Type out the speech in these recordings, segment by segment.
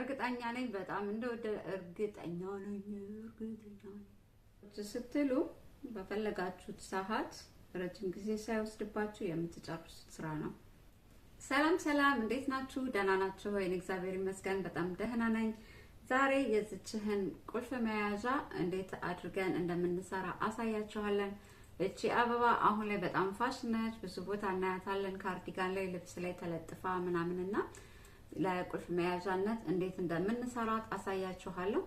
እርግጠኛ ነኝ በጣም እንደወደ እርግጠኛ ነኝ እርግጠኛ ነኝ ስትሉ በፈለጋችሁት ሰዓት ረጅም ጊዜ ሳይወስድባችሁ የምትጨርሱት ስራ ነው። ሰላም ሰላም፣ እንዴት ናችሁ? ደህና ናችሁ ወይ? እግዚአብሔር ይመስገን በጣም ደህና ነኝ። ዛሬ የዚችህን ቁልፍ መያዣ እንዴት አድርገን እንደምንሰራ አሳያችኋለን። እቺ አበባ አሁን ላይ በጣም ፋሽን ነች፣ ብዙ ቦታ እናያታለን። ካርዲጋን ላይ፣ ልብስ ላይ ተለጥፋ ምናምንና ለቁልፍ መያዣነት እንዴት እንደምንሰራት አሳያችኋለሁ።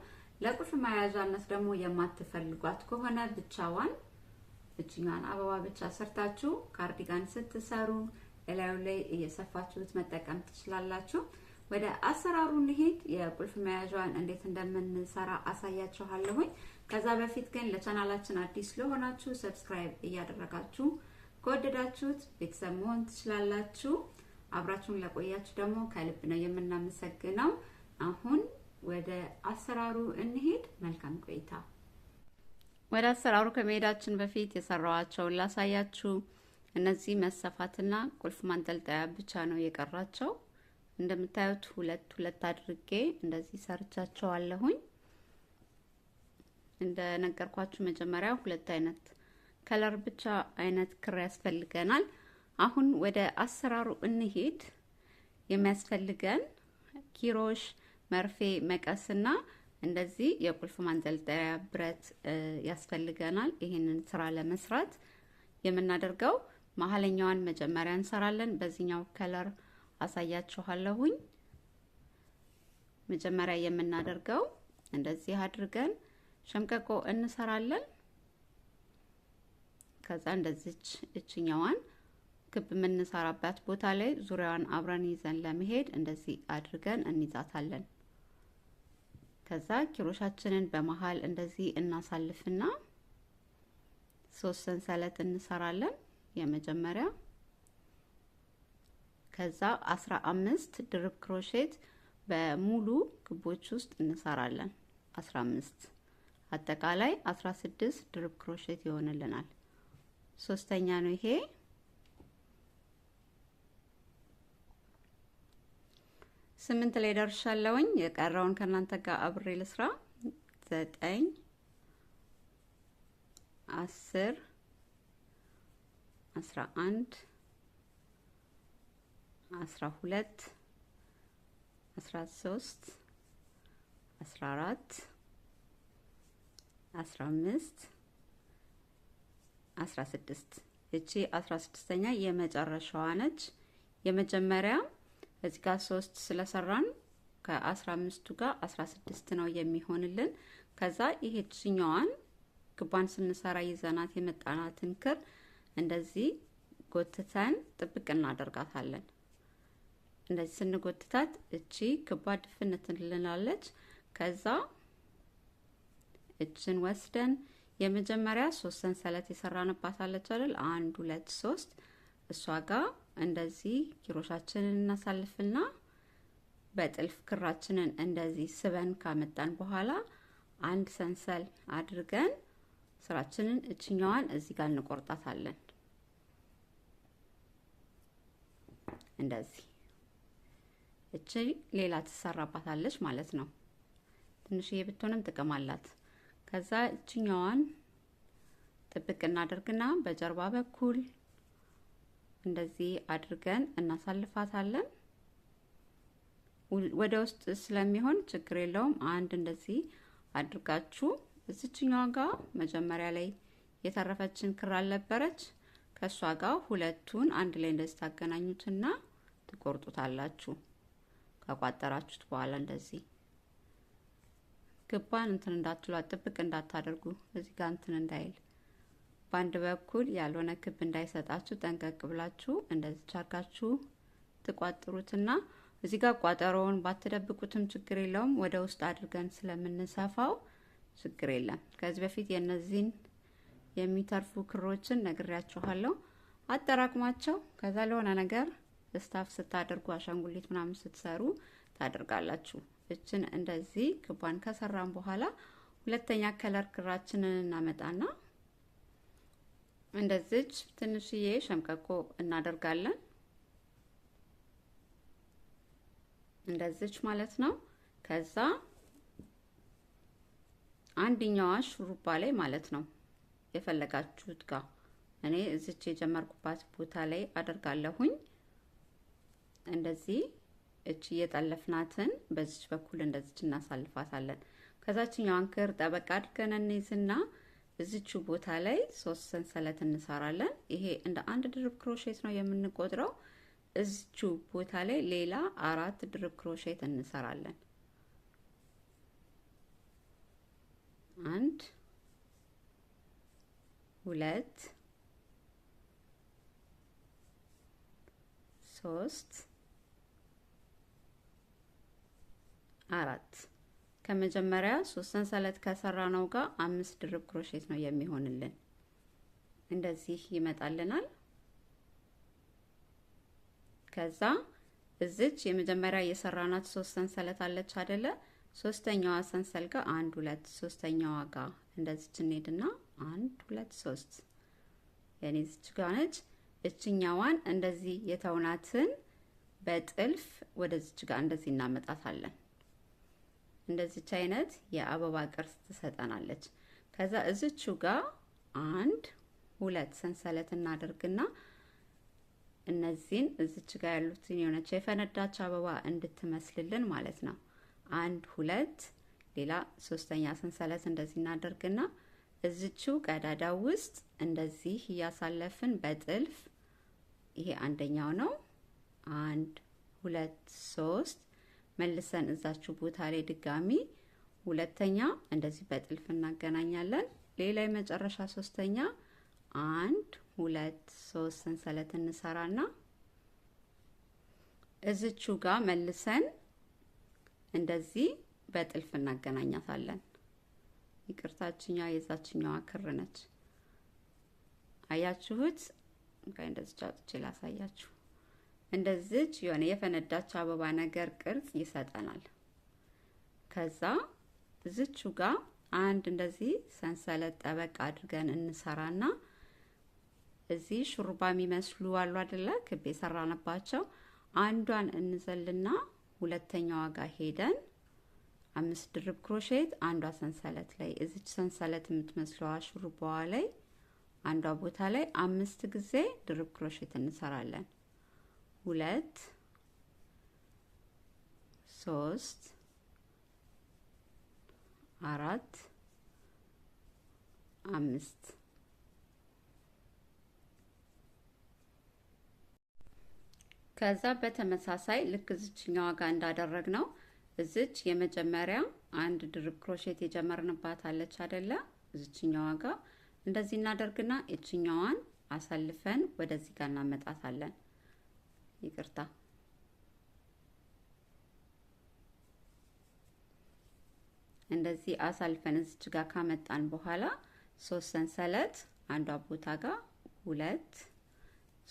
ለቁልፍ መያዣነት ደግሞ የማትፈልጓት ከሆነ ብቻዋን እችኛዋን አበባ ብቻ ሰርታችሁ ካርዲጋን ስትሰሩ እላዩ ላይ እየሰፋችሁት መጠቀም ትችላላችሁ። ወደ አሰራሩ እንሄድ። የቁልፍ መያዣዋን እንዴት እንደምንሰራ አሳያችኋለሁኝ። ከዛ በፊት ግን ለቻናላችን አዲስ ለሆናችሁ ሰብስክራይብ እያደረጋችሁ ከወደዳችሁት ቤተሰብ መሆን ትችላላችሁ። አብራችሁን ለቆያችሁ ደግሞ ከልብ ነው የምናመሰግነው። አሁን ወደ አሰራሩ እንሄድ። መልካም ቆይታ። ወደ አሰራሩ ከመሄዳችን በፊት የሰራዋቸውን ላሳያችሁ። እነዚህ መሰፋትና ቁልፍ ማንጠልጠያ ብቻ ነው የቀራቸው። እንደምታዩት ሁለት ሁለት አድርጌ እንደዚህ ሰርቻቸዋለሁኝ። እንደነገርኳችሁ መጀመሪያ ሁለት አይነት ከለር ብቻ አይነት ክር ያስፈልገናል። አሁን ወደ አሰራሩ እንሄድ። የሚያስፈልገን ኪሮሽ፣ መርፌ፣ መቀስና እንደዚህ የቁልፍ ማንጠልጠያ ብረት ያስፈልገናል። ይህንን ስራ ለመስራት የምናደርገው መሀለኛዋን መጀመሪያ እንሰራለን። በዚህኛው ከለር አሳያችኋለሁኝ። መጀመሪያ የምናደርገው እንደዚህ አድርገን ሸምቀቆ እንሰራለን። ከዛ እንደዚች እችኛዋን ክብ የምንሰራበት ቦታ ላይ ዙሪያዋን አብረን ይዘን ለመሄድ እንደዚህ አድርገን እንይዛታለን። ከዛ ኪሮሻችንን በመሀል እንደዚህ እናሳልፍና ሶስት ሰንሰለት እንሰራለን። የመጀመሪያ ከዛ አስራ አምስት ድርብ ክሮሼት በሙሉ ክቦች ውስጥ እንሰራለን። አስራ አምስት አጠቃላይ አስራ ስድስት ድርብ ክሮሼት ይሆንልናል። ሶስተኛ ነው ይሄ ስምንት ላይ ደርሻለሁኝ። የቀረውን ከእናንተ ጋር አብሬ ልስራ። ዘጠኝ አስር አስራ አንድ አስራ ሁለት አስራ ሶስት አስራ አራት አስራ አምስት አስራ ስድስት እቺ አስራ ስድስተኛ የመጨረሻዋ ነች። የመጀመሪያ እዚህ ጋር ሶስት ስለሰራን ከአስራ አምስቱ ጋር አስራ ስድስት ነው የሚሆንልን። ከዛ ይሄችኛዋን ክቧን ስንሰራ ይዘናት የመጣናትን ክር እንደዚህ ጎትተን ጥብቅ እናደርጋታለን። እንደዚህ ስንጎትታት እቺ ክቧ ድፍነት ልናለች። ከዛ እችን ወስደን የመጀመሪያ ሶስት ሰንሰለት የሰራንባት አለች አይደል? አንድ ሁለት ሶስት እሷ ጋር እንደዚህ ኪሮሻችንን እናሳልፍና በጥልፍ ክራችንን እንደዚህ ስበን ካመጣን በኋላ አንድ ሰንሰል አድርገን ስራችንን እችኛዋን እዚህ ጋር እንቆርጣታለን። እንደዚህ እቺ ሌላ ትሰራባታለች ማለት ነው። ትንሽዬ ብትሆንም ጥቅም አላት። ከዛ እችኛዋን ጥብቅ እናደርግና በጀርባ በኩል እንደዚህ አድርገን እናሳልፋታለን። ወደ ውስጥ ስለሚሆን ችግር የለውም። አንድ እንደዚህ አድርጋችሁ እዚችኛዋ ጋር መጀመሪያ ላይ የተረፈችን ክር አልነበረች? ከእሷ ጋር ሁለቱን አንድ ላይ እንደዚህ ታገናኙትና ትቆርጡታላችሁ። ከቋጠራችሁት በኋላ እንደዚህ ግባን እንትን እንዳትሏት፣ ጥብቅ እንዳታደርጉ እዚህ ጋር እንትን እንዳይል በአንድ በኩል ያልሆነ ክብ እንዳይሰጣችሁ ጠንቀቅ ብላችሁ እንደዚህ አርጋችሁ ትቋጥሩትና እዚህ ጋር ቋጠሮውን ባትደብቁትም ችግር የለውም። ወደ ውስጥ አድርገን ስለምንሰፋው ችግር የለም። ከዚህ በፊት የእነዚህን የሚተርፉ ክሮችን ነግሬያችኋለሁ። አጠራቅማቸው ከዛ ለሆነ ነገር ስታፍ ስታደርጉ አሻንጉሊት ምናምን ስትሰሩ ታደርጋላችሁ። እችን እንደዚህ ክቧን ከሰራን በኋላ ሁለተኛ ከለር ክራችንን እናመጣና እንደዚች ትንሽዬ ሸምቀቆ እናደርጋለን። እንደዚች ማለት ነው። ከዛ አንድኛዋ ሹሩባ ላይ ማለት ነው የፈለጋችሁት ጋር እኔ እዚች የጀመርኩባት ቦታ ላይ አደርጋለሁኝ። እንደዚህ እቺ እየጠለፍናትን በዚች በኩል እንደዚች እናሳልፋታለን። ከዛችኛዋን ክር ጠበቃ አድርገን እንይዝና እዚቹ ቦታ ላይ ሶስት ሰንሰለት እንሰራለን። ይሄ እንደ አንድ ድርብ ክሮሼት ነው የምንቆጥረው። እዚቹ ቦታ ላይ ሌላ አራት ድርብ ክሮሼት እንሰራለን። አንድ ሁለት ሶስት አራት ከመጀመሪያ ሶስት ሰንሰለት ከሰራ ነው ጋር አምስት ድርብ ክሮሼት ነው የሚሆንልን። እንደዚህ ይመጣልናል። ከዛ እዚች የመጀመሪያ የሰራናት ሶስት ሰንሰለት አለች አይደለ? ሶስተኛዋ ሰንሰል ጋር አንድ ሁለት፣ ሶስተኛዋ ጋር እንደዚች እንሄድና አንድ ሁለት ሶስት የኔ እዚች ጋር ነች። እችኛዋን እንደዚህ የተውናትን በጥልፍ ወደዚች ጋር እንደዚህ እናመጣታለን። እንደዚች አይነት የአበባ ቅርጽ ትሰጠናለች። ከዛ እዝቹ ጋር አንድ ሁለት ሰንሰለት እናደርግና እነዚህን እዝች ጋር ያሉትን የሆነች የፈነዳች አበባ እንድትመስልልን ማለት ነው። አንድ ሁለት ሌላ ሶስተኛ ሰንሰለት እንደዚህ እናደርግና እዝቹ ቀዳዳ ውስጥ እንደዚህ እያሳለፍን በጥልፍ ይሄ አንደኛው ነው። አንድ ሁለት ሶስት መልሰን እዛችሁ ቦታ ላይ ድጋሚ ሁለተኛ እንደዚህ በጥልፍ እናገናኛለን። ሌላ የመጨረሻ ሶስተኛ አንድ ሁለት ሶስት ሰንሰለት እንሰራና እዝቹ ጋር መልሰን እንደዚህ በጥልፍ እናገናኛታለን። ይቅርታችኛ የዛችኛዋ ክር ነች። አያችሁት? እንደዚህ ጫጥቼ ላሳያችሁ። እንደዚች የሆነ የፈነዳች አበባ ነገር ቅርጽ ይሰጠናል። ከዛ እዝቹ ጋር አንድ እንደዚህ ሰንሰለት ጠበቅ አድርገን እንሰራና እዚህ ሹሩባ የሚመስሉ አሉ አደለ? ክብ የሰራንባቸው አንዷን እንዘልና ሁለተኛዋ ጋር ሄደን አምስት ድርብ ክሮሼት አንዷ ሰንሰለት ላይ እዚች ሰንሰለት የምትመስለዋ ሹሩባዋ ላይ አንዷ ቦታ ላይ አምስት ጊዜ ድርብ ክሮሼት እንሰራለን። ሁለት ሶስት አራት አምስት ከዛ በተመሳሳይ ልክ እዝችኛ ዋጋ እንዳደረግ ነው እዝች የመጀመሪያ አንድ ድርብ ክሮሼት የጀመርንባት አለች አይደለ? እዝችኛዋ ዋጋ እንደዚህ እናደርግና የችኛዋን አሳልፈን ወደዚህ ጋር እናመጣታለን። ይቅርታ እንደዚህ አሳልፈን እዚች ጋር ካመጣን በኋላ ሶስት ሰንሰለት አንዷ ቦታ ጋር ሁለት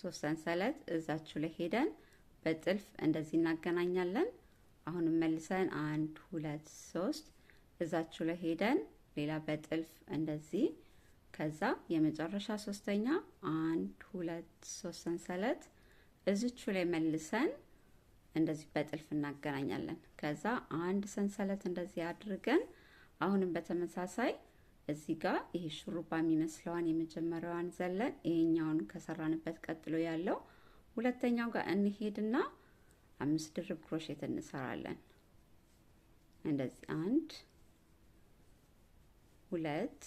ሶስት ሰንሰለት እዛችሁ ላይ ሄደን በጥልፍ እንደዚህ እናገናኛለን። አሁንም መልሰን አንድ ሁለት ሶስት እዛችሁ ላይ ሄደን ሌላ በጥልፍ እንደዚህ ከዛ የመጨረሻ ሶስተኛ አንድ ሁለት ሶስት ሰንሰለት እዝቹ ላይ መልሰን እንደዚህ በጥልፍ እናገናኛለን። ከዛ አንድ ሰንሰለት እንደዚህ አድርገን አሁንም በተመሳሳይ እዚህ ጋር ይሄ ሹሩባ የሚመስለዋን የመጀመሪያዋን ዘለን ይሄኛውን ከሰራንበት ቀጥሎ ያለው ሁለተኛው ጋር እንሄድና አምስት ድርብ ክሮሼት እንሰራለን። እንደዚህ አንድ ሁለት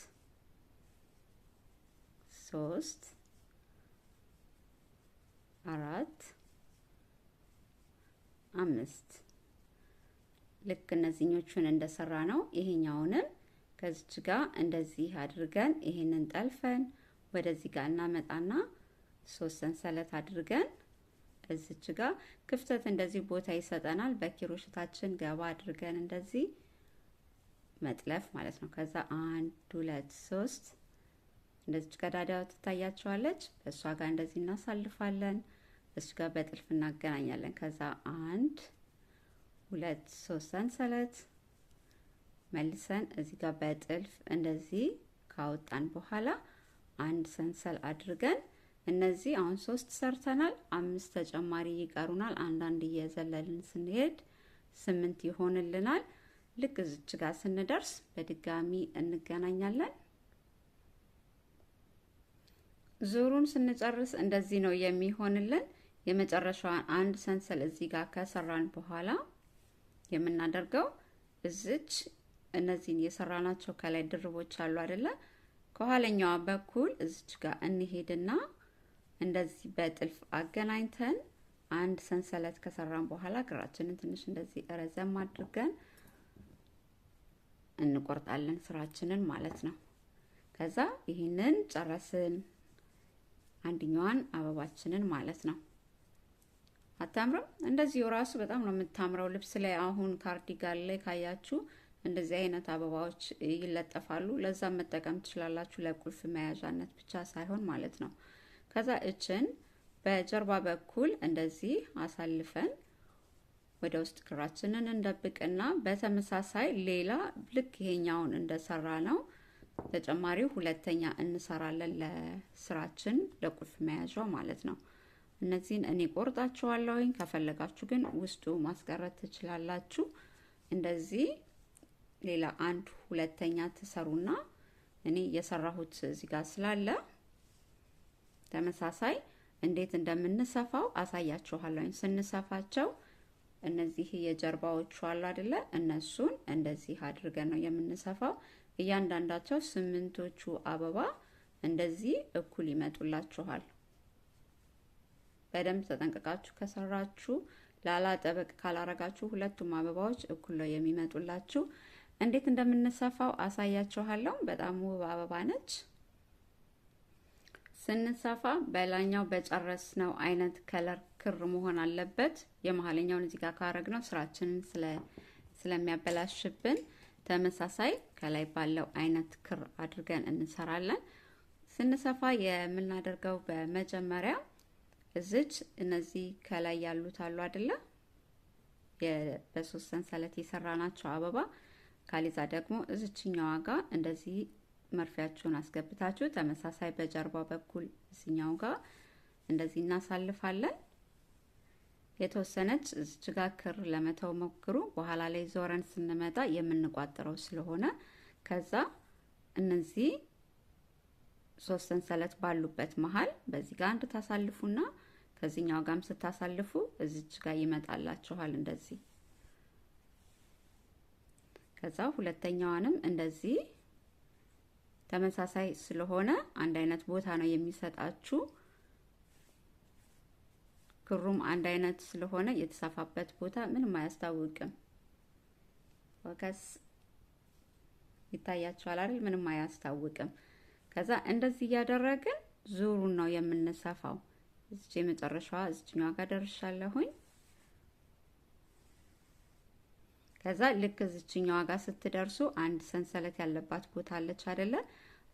ሶስት አራት አምስት ልክ እነዚህኞቹን እንደሰራ ነው ይሄኛውንም ከዚች ጋር እንደዚህ አድርገን ይሄንን ጠልፈን ወደዚህ ጋር እናመጣና ሶስት ሰንሰለት አድርገን እዚች ጋር ክፍተት እንደዚህ ቦታ ይሰጠናል። በኪሮሽታችን ገባ አድርገን እንደዚህ መጥለፍ ማለት ነው። ከዛ አንድ ሁለት ሶስት እንደዚች ቀዳዳ ትታያቸዋለች። እሷ ጋር እንደዚህ እናሳልፋለን። እሱ ጋር በጥልፍ እናገናኛለን። ከዛ አንድ ሁለት ሶስት ሰንሰለት መልሰን እዚህ ጋር በጥልፍ እንደዚህ ካወጣን በኋላ አንድ ሰንሰል አድርገን እነዚህ አሁን ሶስት ሰርተናል። አምስት ተጨማሪ ይቀሩናል። አንዳንድ እየዘለልን ስንሄድ ስምንት ይሆንልናል። ልክ እዚች ጋር ስንደርስ በድጋሚ እንገናኛለን። ዙሩን ስንጨርስ እንደዚህ ነው የሚሆንልን። የመጨረሻዋን አንድ ሰንሰል እዚህ ጋር ከሰራን በኋላ የምናደርገው እዚች እነዚህን የሰራናቸው ከላይ ድርቦች አሉ አይደለ? ከኋለኛዋ በኩል እዚች ጋር እንሄድና እንደዚህ በጥልፍ አገናኝተን አንድ ሰንሰለት ከሰራን በኋላ ግራችንን ትንሽ እንደዚህ ረዘም አድርገን እንቆርጣለን ስራችንን ማለት ነው። ከዛ ይህንን ጨረስን። አንድኛዋን አበባችንን ማለት ነው። አታምርም? እንደዚሁ ራሱ በጣም ነው የምታምረው። ልብስ ላይ አሁን ካርዲጋን ላይ ካያችሁ እንደዚህ አይነት አበባዎች ይለጠፋሉ። ለዛ መጠቀም ትችላላችሁ፣ ለቁልፍ መያዣነት ብቻ ሳይሆን ማለት ነው። ከዛ እችን በጀርባ በኩል እንደዚህ አሳልፈን ወደ ውስጥ ክራችንን እንደብቅና በተመሳሳይ ሌላ ልክ ይሄኛውን እንደሰራ ነው ተጨማሪው ሁለተኛ እንሰራለን ለስራችን ለቁልፍ መያዣ ማለት ነው። እነዚህን እኔ ቆርጣችኋለሁኝ። ከፈለጋችሁ ግን ውስጡ ማስቀረት ትችላላችሁ። እንደዚህ ሌላ አንድ ሁለተኛ ትሰሩና እኔ የሰራሁት እዚህ ጋር ስላለ ተመሳሳይ እንዴት እንደምንሰፋው አሳያችኋለሁኝ። ስንሰፋቸው እነዚህ የጀርባዎቹ አሉ አይደለ? እነሱን እንደዚህ አድርገን ነው የምንሰፋው። እያንዳንዳቸው ስምንቶቹ አበባ እንደዚህ እኩል ይመጡላችኋል። በደንብ ተጠንቅቃችሁ ከሰራችሁ ላላ ጠበቅ ካላረጋችሁ ሁለቱም አበባዎች እኩል ነው የሚመጡላችሁ። እንዴት እንደምንሰፋው አሳያችኋለሁ። በጣም ውብ አበባ ነች። ስንሰፋ በላይኛው በጨረስነው አይነት ከለር ክር መሆን አለበት። የመሀለኛውን እዚህ ጋር ካረግነው ስራችንን ስለሚያበላሽብን ተመሳሳይ ከላይ ባለው አይነት ክር አድርገን እንሰራለን። ስንሰፋ የምናደርገው በመጀመሪያ እዚች እነዚህ ከላይ ያሉት አሉ አደለ? በሶስት ሰንሰለት የሰራ ናቸው አበባ ካሊዛ ደግሞ እዚችኛዋ ጋር እንደዚህ መርፊያችሁን አስገብታችሁ ተመሳሳይ በጀርባ በኩል እዚኛው ጋር እንደዚህ እናሳልፋለን። የተወሰነች እዚች ክር ለመተው ሞክሩ። በኋላ ላይ ዞረን ስንመጣ የምንቋጥረው ስለሆነ ከዛ እነዚህ ሶስት ሰንሰለት ባሉበት መሀል በዚህ ጋር አንድ ታሳልፉና ከዚህኛው ጋም ስታሳልፉ እዚች ጋር ይመጣላችኋል እንደዚህ። ከዛ ሁለተኛዋንም እንደዚህ ተመሳሳይ ስለሆነ አንድ አይነት ቦታ ነው የሚሰጣችሁ። ክሩም አንድ አይነት ስለሆነ የተሰፋበት ቦታ ምንም አያስታውቅም። ወቀስ ይታያችኋል አይደል? ምንም አያስታውቅም። ከዛ እንደዚህ እያደረግን ዙሩን ነው የምንሰፋው። እዚች የመጨረሻዋ እዚችኛዋ ጋር ደርሻለሁኝ። ከዛ ልክ እዚችኛዋ ጋር ስትደርሱ አንድ ሰንሰለት ያለባት ቦታ አለች አይደለ?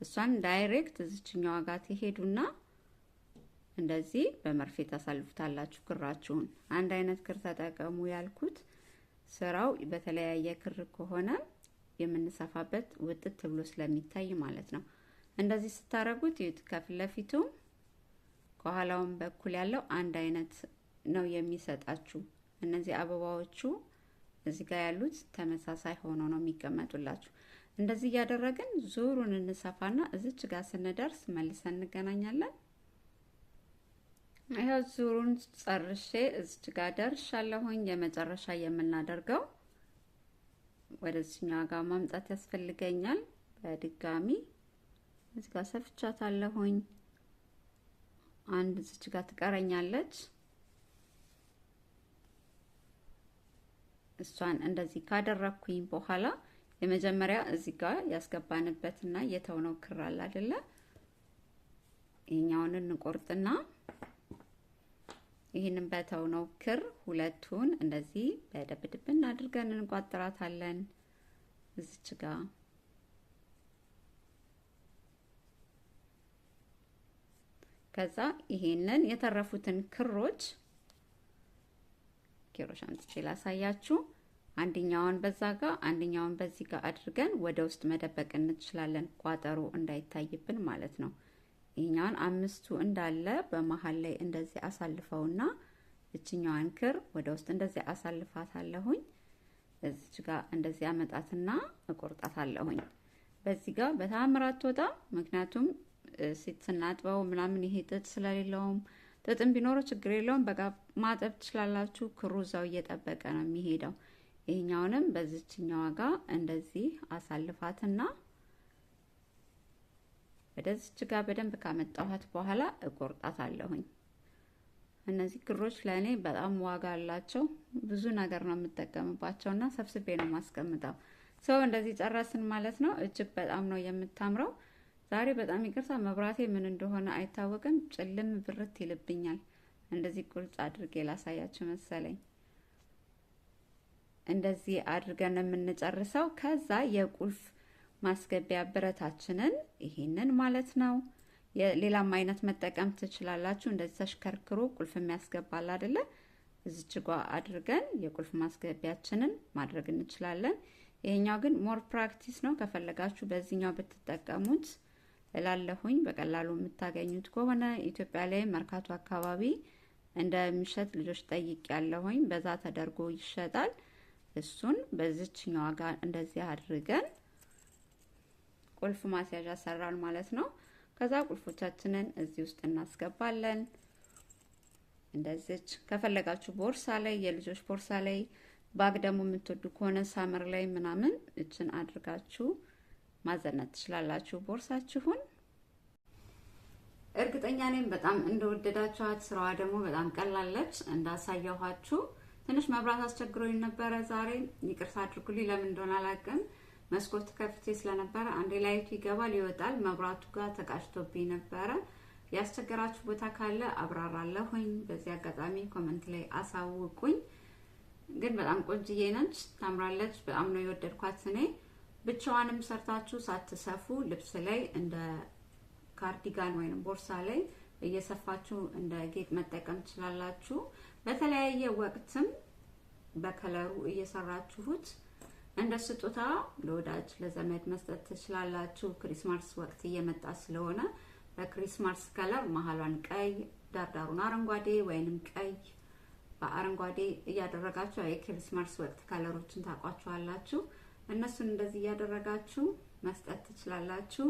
እሷን ዳይሬክት እዚችኛዋ ጋር ትሄዱና እንደዚህ በመርፌ ታሳልፉታላችሁ ክራችሁን። አንድ አይነት ክር ተጠቀሙ ያልኩት ስራው በተለያየ ክር ከሆነ የምንሰፋበት ውጥት ብሎ ስለሚታይ ማለት ነው። እንደዚህ ስታረጉት ይት ከፊት ለፊቱ ከኋላውም በኩል ያለው አንድ አይነት ነው የሚሰጣችሁ። እነዚህ አበባዎቹ እዚህ ጋር ያሉት ተመሳሳይ ሆኖ ነው የሚቀመጡላችሁ። እንደዚህ እያደረግን ዙሩን እንሰፋና እዚች ጋር ስንደርስ መልሰን እንገናኛለን። ይኸው ዙሩን ጨርሼ እዚህ ጋር ደርሻለሁኝ። የመጨረሻ የምናደርገው ወደዚህኛው ጋር ማምጣት ያስፈልገኛል። በድጋሚ እዚህ ጋር ሰፍቻታለሁኝ። አንድ እዚህ ጋር ትቀረኛለች። እሷን እንደዚህ ካደረኩኝ በኋላ የመጀመሪያ እዚህ ጋር ያስገባንበትና የተውነው ክር አለ አይደለ? ይሄኛውን እንቆርጥና ይህንን ነው ክር ሁለቱን እንደዚህ በደብ እናድርገን እንቋጥራታለን። እዚች ጋ ከዛ ይሄንን የተረፉትን ክሮች ኪሮች አምጥቼ ላሳያችሁ። አንድኛውን በዛ ጋ አንድኛውን በዚህ ጋር አድርገን ወደ ውስጥ መደበቅ እንችላለን፣ ቋጠሮ እንዳይታይብን ማለት ነው። ይህኛውን አምስቱ እንዳለ በመሀል ላይ እንደዚህ አሳልፈውና እችኛዋን ክር ወደ ውስጥ እንደዚህ አሳልፋታለሁኝ። እዚች ጋር እንደዚህ አመጣትና እቆርጣታለሁኝ። በዚህ ጋር በጣም ራት ወጣ ምክንያቱም ሴት ስናጥበው ምናምን ይሄ ጥጥ ስለሌለውም ጥጥም ቢኖረው ችግር የለውም። በጋ ማጠብ ትችላላችሁ። ክሩ እዛው እየጠበቀ ነው የሚሄደው። ይሄኛውንም በዚችኛዋ ጋር እንደዚህ አሳልፋትና ወደዚች ጋር በደንብ ካመጣኋት በኋላ እቆርጣት አለሁኝ። እነዚህ ክሮች ለእኔ በጣም ዋጋ አላቸው። ብዙ ነገር ነው የምጠቀምባቸው እና ሰብስቤ ነው ማስቀምጠው። ሰው እንደዚህ ጨረስን ማለት ነው። እጅግ በጣም ነው የምታምረው። ዛሬ በጣም ይቅርታ መብራቴ ምን እንደሆነ አይታወቅም፣ ጭልም ብርት ይልብኛል። እንደዚህ ቁርጽ አድርጌ ላሳያችሁ መሰለኝ። እንደዚህ አድርገን የምንጨርሰው ከዛ የቁልፍ ማስገቢያ ብረታችንን ይሄንን ማለት ነው። ሌላም አይነት መጠቀም ትችላላችሁ። እንደዚህ ተሽከርክሮ ቁልፍ የሚያስገባል አይደለ? እዚች ጋ አድርገን የቁልፍ ማስገቢያችንን ማድረግ እንችላለን። ይሄኛው ግን ሞር ፕራክቲስ ነው። ከፈለጋችሁ በዚህኛው ብትጠቀሙት እላለሁኝ። በቀላሉ የምታገኙት ከሆነ ኢትዮጵያ ላይ መርካቶ አካባቢ እንደሚሸጥ ልጆች ጠይቅ ያለሁኝ፣ በዛ ተደርጎ ይሸጣል። እሱን በዚችኛዋ ጋር እንደዚህ አድርገን ቁልፍ ማስያዣ ሰራን ማለት ነው። ከዛ ቁልፎቻችንን እዚህ ውስጥ እናስገባለን። እንደዚች ከፈለጋችሁ ቦርሳ ላይ የልጆች ቦርሳ ላይ ባግ ደግሞ የምትወዱ ከሆነ ሳምር ላይ ምናምን እችን አድርጋችሁ ማዘነት ትችላላችሁ ቦርሳችሁን። እርግጠኛ ነኝ በጣም እንደወደዳችኋት። ስራዋ ደግሞ በጣም ቀላለች እንዳሳየኋችሁ። ትንሽ መብራት አስቸግሮኝ ነበረ ዛሬ፣ ይቅርታ አድርጉልኝ። ለምን እንደሆነ አላውቅም። መስኮት ከፍቴ ስለነበረ አንዴ ላይቱ ይገባል ይወጣል። መብራቱ ጋር ተቃጭቶብኝ ነበረ። ያስቸገራችሁ ቦታ ካለ አብራራለሁኝ። በዚህ አጋጣሚ ኮመንት ላይ አሳውቁኝ። ግን በጣም ቆንጅዬ ነች፣ ታምራለች። በጣም ነው የወደድኳት እኔ ብቻዋንም ሰርታችሁ ሳትሰፉ ልብስ ላይ እንደ ካርዲጋን ወይም ቦርሳ ላይ እየሰፋችሁ እንደ ጌጥ መጠቀም ትችላላችሁ። በተለያየ ወቅትም በከለሩ እየሰራችሁት እንደ ስጦታ ለወዳጅ ለዘመድ መስጠት ትችላላችሁ። ክሪስማስ ወቅት እየመጣ ስለሆነ በክሪስማስ ከለር መሀሏን ቀይ ዳርዳሩን አረንጓዴ ወይንም ቀይ በአረንጓዴ እያደረጋችሁ የክሪስማስ ወቅት ከለሮችን ታውቋቸዋላችሁ። እነሱን እንደዚህ እያደረጋችሁ መስጠት ትችላላችሁ።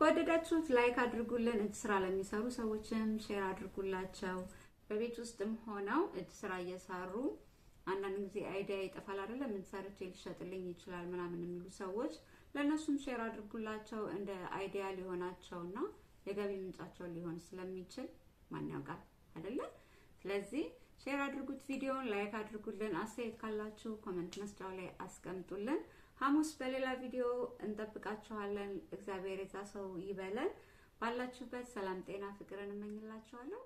ከወደዳችሁት ላይክ አድርጉልን። እጅ ስራ ለሚሰሩ ሰዎችም ሼር አድርጉላቸው። በቤት ውስጥም ሆነው እጅ ስራ እየሰሩ አንዳንድ ጊዜ አይዲያ ይጠፋል አይደለ? ምን ሰርቼ ሊሸጥልኝ ይችላል ምናምን የሚሉ ሰዎች ለእነሱም ሼር አድርጉላቸው። እንደ አይዲያ ሊሆናቸውና የገቢ ምንጫቸው ሊሆን ስለሚችል ማን ያውቃል አይደለ? ስለዚህ ሼር አድርጉት፣ ቪዲዮን ላይክ አድርጉልን። አስተያየት ካላችሁ ኮመንት መስጫው ላይ አስቀምጡልን። ሐሙስ በሌላ ቪዲዮ እንጠብቃችኋለን። እግዚአብሔር የዛ ሰው ይበለን። ባላችሁበት ሰላም፣ ጤና፣ ፍቅርን እመኝላችኋለሁ።